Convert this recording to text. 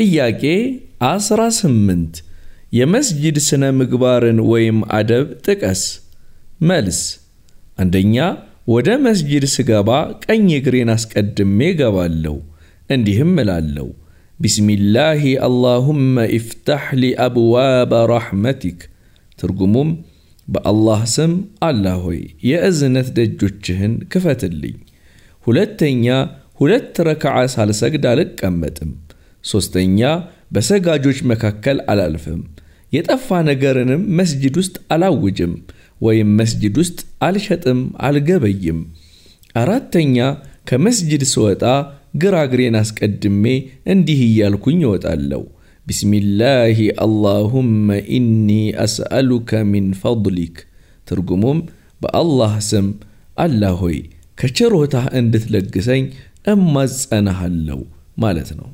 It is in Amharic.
ጥያቄ 18 የመስጂድ ስነ ምግባርን ወይም አደብ ጥቀስ። መልስ፣ አንደኛ ወደ መስጂድ ስገባ ቀኝ እግሬን አስቀድሜ እገባለሁ። እንዲህም እላለሁ፣ ቢስሚላሂ አላሁመ ኢፍታሕ ሊ አብዋበ ራሕመቲክ። ትርጉሙም በአላህ ስም አላህ ሆይ የእዝነት ደጆችህን ክፈትልኝ። ሁለተኛ ሁለት ረክዓ ሳልሰግድ አልቀመጥም። ሶስተኛ በሰጋጆች መካከል አላልፍም። የጠፋ ነገርንም መስጅድ ውስጥ አላውጅም ወይም መስጅድ ውስጥ አልሸጥም፣ አልገበይም። አራተኛ ከመስጅድ ስወጣ ግራግሬን አስቀድሜ እንዲህ እያልኩኝ እወጣለሁ። ቢስሚላሂ አላሁመ ኢኒ አስአሉከ ሚን ፈድሊክ። ትርጉሙም በአላህ ስም አላህ ሆይ ከችሮታህ እንድትለግሰኝ እማጸናሃለሁ ማለት ነው።